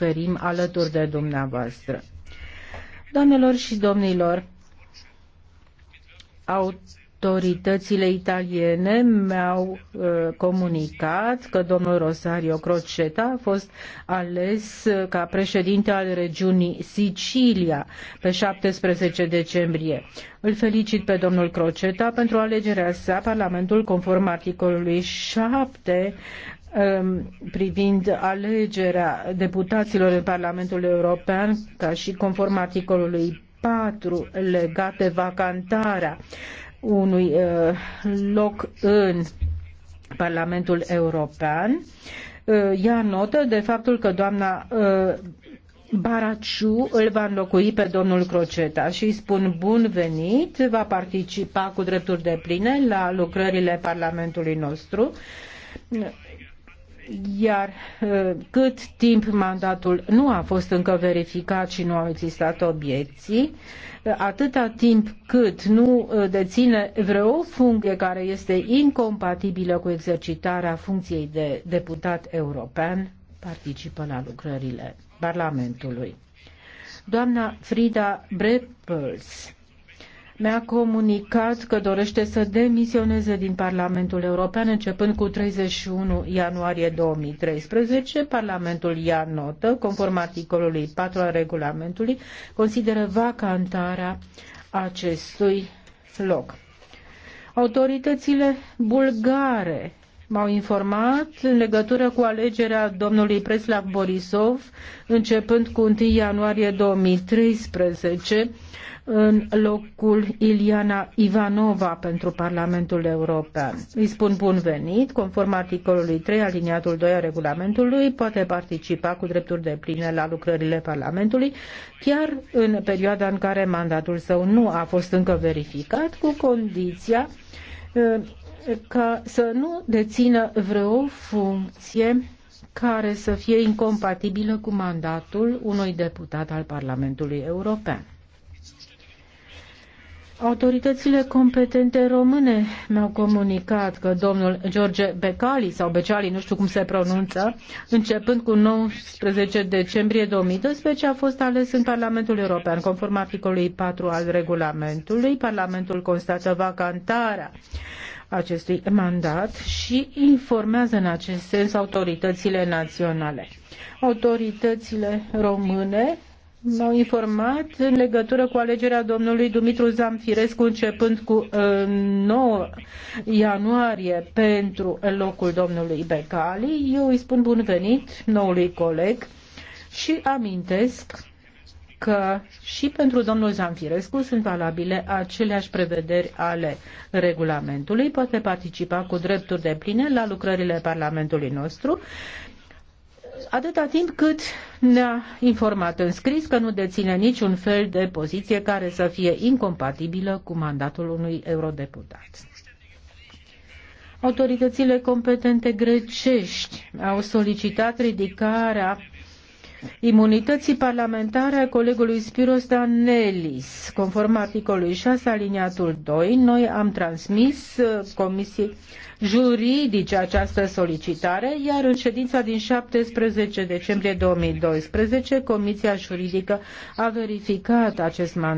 ferim alături de dumneavoastră. Doamnelor și domnilor, autoritățile italiene mi-au uh, comunicat că domnul Rosario Croceta a fost ales uh, ca președinte al regiunii Sicilia pe 17 decembrie. Îl felicit pe domnul Croceta pentru alegerea sa. Parlamentul, conform articolului 7 Um, privind alegerea deputaților în Parlamentul European, ca și conform articolului 4 legat de vacantarea unui uh, loc în Parlamentul European, uh, ia notă de faptul că doamna uh, Baraciu îl va înlocui pe domnul Croceta și îi spun bun venit, va participa cu drepturi de pline la lucrările Parlamentului nostru iar uh, cât timp mandatul nu a fost încă verificat și nu au existat obiecții, uh, atâta timp cât nu uh, deține vreo funcție care este incompatibilă cu exercitarea funcției de deputat european, participă la lucrările Parlamentului. Doamna Frida Brepels mi-a comunicat că dorește să demisioneze din Parlamentul European începând cu 31 ianuarie 2013. Parlamentul ia notă, conform articolului 4 al regulamentului, consideră vacantarea acestui loc. Autoritățile bulgare m-au informat în legătură cu alegerea domnului Preslav Borisov, începând cu 1 ianuarie 2013, în locul Iliana Ivanova pentru Parlamentul European. Îi spun bun venit, conform articolului 3 aliniatul 2 a regulamentului, poate participa cu drepturi de pline la lucrările Parlamentului, chiar în perioada în care mandatul său nu a fost încă verificat, cu condiția ca să nu dețină vreo funcție care să fie incompatibilă cu mandatul unui deputat al Parlamentului European. Autoritățile competente române mi-au comunicat că domnul George Becali sau Becali, nu știu cum se pronunță, începând cu 19 decembrie 2012, a fost ales în Parlamentul European. Conform articolului 4 al regulamentului, Parlamentul constată vacantarea acestui mandat și informează în acest sens autoritățile naționale. Autoritățile române m-au informat în legătură cu alegerea domnului Dumitru Zamfirescu începând cu uh, 9 ianuarie pentru locul domnului Becali. Eu îi spun bun venit noului coleg și amintesc că și pentru domnul Zamfirescu sunt valabile aceleași prevederi ale regulamentului, poate participa cu drepturi de pline la lucrările Parlamentului nostru, atâta timp cât ne-a informat în scris că nu deține niciun fel de poziție care să fie incompatibilă cu mandatul unui eurodeputat. Autoritățile competente grecești au solicitat ridicarea imunității parlamentare a colegului Spiros Danelis. Conform articolului 6 aliniatul 2, noi am transmis uh, Comisiei Juridice această solicitare, iar în ședința din 17 decembrie 2012, Comisia Juridică a verificat acest mandat.